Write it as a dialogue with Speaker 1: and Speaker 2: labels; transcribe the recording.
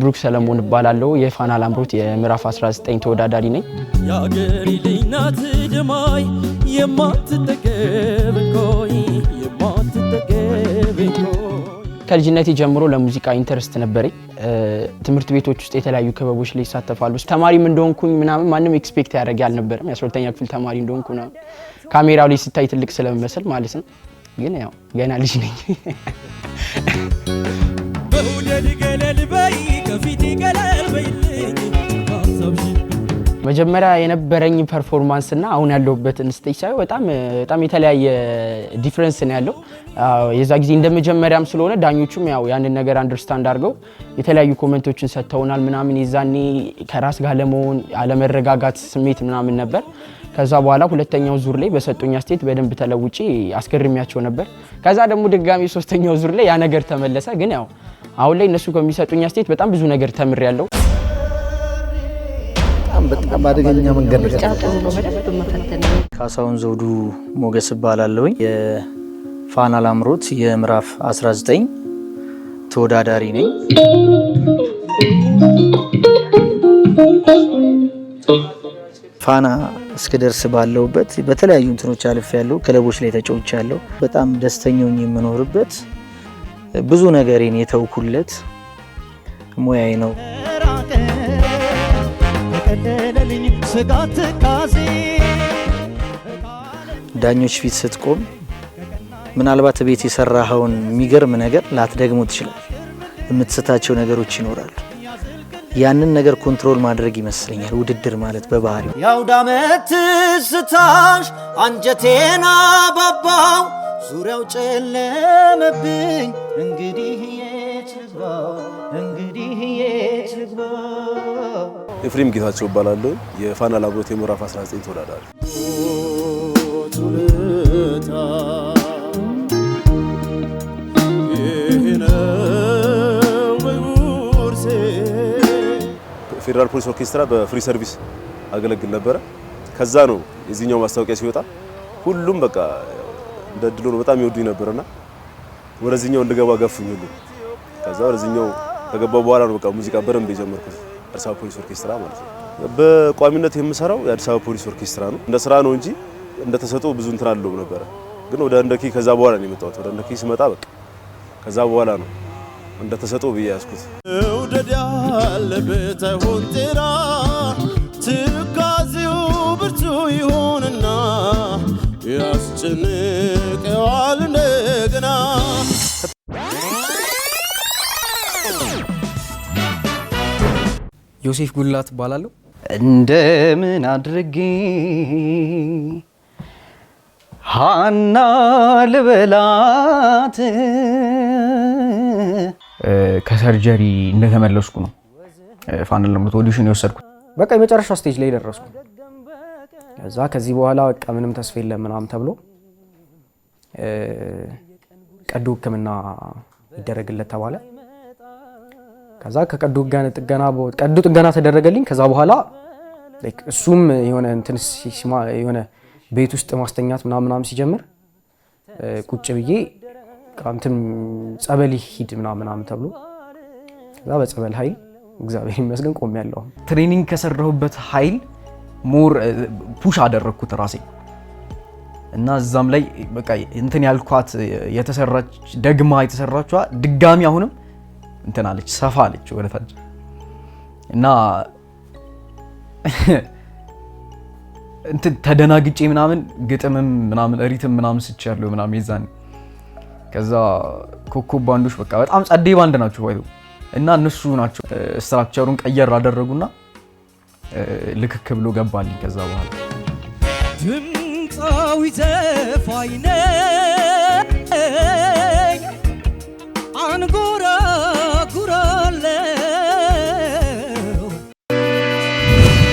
Speaker 1: ብሩክ ሰለሞን እባላለሁ። የፋና ላምሮት የምዕራፍ 19 ተወዳዳሪ ነኝ። የአገሬ ልጅ ናት የማትጠገብ እንኮይ የማትጠገብ ከልጅነቴ ጀምሮ ለሙዚቃ ኢንተረስት ነበረኝ። ትምህርት ቤቶች ውስጥ የተለያዩ ክበቦች ላይ ይሳተፋሉ። ተማሪም እንደሆንኩኝ ምናምን ማንም ኤክስፔክት ያደረገ አልነበረም። የአስራሁለተኛ ክፍል ተማሪ እንደሆንኩ ካሜራው ላይ ስታይ ትልቅ ስለምመስል ማለት ነው። ግን ያው ገና ልጅ ነኝ። በሁለት ገለል በይ መጀመሪያ የነበረኝ ፐርፎርማንስ እና አሁን ያለሁበትን ስቴጅ ሳይ በጣም በጣም የተለያየ ዲፍረንስ ነው ያለው። የዛ ጊዜ እንደ መጀመሪያም ስለሆነ ዳኞቹም ያው ያንን ነገር አንደርስታንድ አድርገው የተለያዩ ኮመንቶችን ሰጥተውናል ምናምን። የዛኔ ከራስ ጋር ለመሆን አለመረጋጋት ስሜት ምናምን ነበር። ከዛ በኋላ ሁለተኛው ዙር ላይ በሰጡኝ አስቴት በደንብ ተለውጪ አስገርሚያቸው ነበር። ከዛ ደግሞ ድጋሚ ሶስተኛው ዙር ላይ ያ ነገር ተመለሰ ግን ያው አሁን ላይ እነሱ ከሚሰጡኝ አስተያየት በጣም ብዙ ነገር ተምር ያለው በጣም መንገድ ነው። ካሳሁን ዘውዱ ሞገስ እባላለሁኝ የፋና ላምሮት የምዕራፍ 19 ተወዳዳሪ ነኝ። ፋና እስክደርስ ባለውበት በተለያዩ እንትኖች አልፌያለሁ። ክለቦች ላይ ተጫውቻለሁ። በጣም ደስተኛው የምኖርበት ብዙ ነገሬን የተውኩለት ሙያዬ ነው። ዳኞች ፊት ስትቆም ምናልባት ቤት የሰራኸውን የሚገርም ነገር ላትደግሞ ትችላል። የምትስታቸው ነገሮች ይኖራሉ። ያንን ነገር ኮንትሮል ማድረግ ይመስለኛል ውድድር ማለት በባህሪው ያው ስታሽ አንጀቴና ባባው ዙሪያው ጨለመብኝ። እንግዲህ የት ልግባ? እንግዲህ የት ልግባ? ኤፍሬም ጌታቸው እባላለሁ። የፋና ላምሮት የምዕራፍ 19 ተወዳዳሪ ፌዴራል ፖሊስ ኦርኬስትራ በፍሪ ሰርቪስ አገለግል ነበረ። ከዛ ነው የዚህኛው ማስታወቂያ ሲወጣ ሁሉም በቃ እንደ ድሎ በጣም ይወዱኝ ነበርና ወደዚህኛው እንድገባ ገፉኝ ሁሉ። ከዛ ወደዚህኛው ከገባው በኋላ ነው በቃ ሙዚቃ በደንብ የጀመርኩት አዲስ አበባ ፖሊስ ኦርኬስትራ ማለት ነው። በቋሚነት የምሰራው የአዲስ አበባ ፖሊስ ኦርኬስትራ ነው። እንደ ስራ ነው እንጂ እንደ ተሰጥኦ ብዙ እንትን አለውም ነበረ። ግን ወደ እንደኪ ከዛ በኋላ ነው የመጣሁት። ወደ እንደኪ ስመጣ በቃ ከዛ በኋላ ነው እንደ ተሰጥኦ ብዬ ያዝኩት። እውደድ ያለበት አይሆን ትካዜው ብርቱ ይሆንና ዮሴፍ ጉልላት እባላለሁ። እንደምን አድርጌ ሀና ልበላት። ከሰርጀሪ እንደተመለስኩ ነው ፋናል ለምሮት ኦዲሽን የወሰድኩት። በቃ የመጨረሻ ስቴጅ ላይ ደረስኩ። ከዛ ከዚህ በኋላ በቃ ምንም ተስፋ የለም ምናምን ተብሎ ቀዶ ሕክምና ይደረግለት ተባለ። ከዛ ከቀዶ ጥገና ቀዶ ጥገና ተደረገልኝ። ከዛ በኋላ እሱም የሆነ እንትን የሆነ ቤት ውስጥ ማስተኛት ምናምናም ሲጀምር ቁጭ ብዬ እንትን ጸበል ሂድ ምናምናም ተብሎ ከዛ በጸበል ኃይል እግዚአብሔር ይመስገን ቆም ያለው ትሬኒንግ ከሰራሁበት ኃይል ሞር ፑሽ አደረግኩት ራሴ እና እዛም ላይ በቃ እንትን ያልኳት የተሰራች ደግማ የተሰራችዋ ድጋሚ አሁንም እንትን አለች ሰፋ አለች ታች እና እንትን ተደናግጬ ምናምን ግጥምም ምናምን ሪትም ምናምን ያለው ምናምን የዛን ከዛ ኮከብ ባንዶች በቃ በጣም ጸደይ ባንድ ናቸው ባይ እና እነሱ ናቸው ስትራክቸሩን ቀየር አደረጉና ልክክ ብሎ ገባልኝ። ከዛ በኋላ ድምፃዊ ዘፋኝ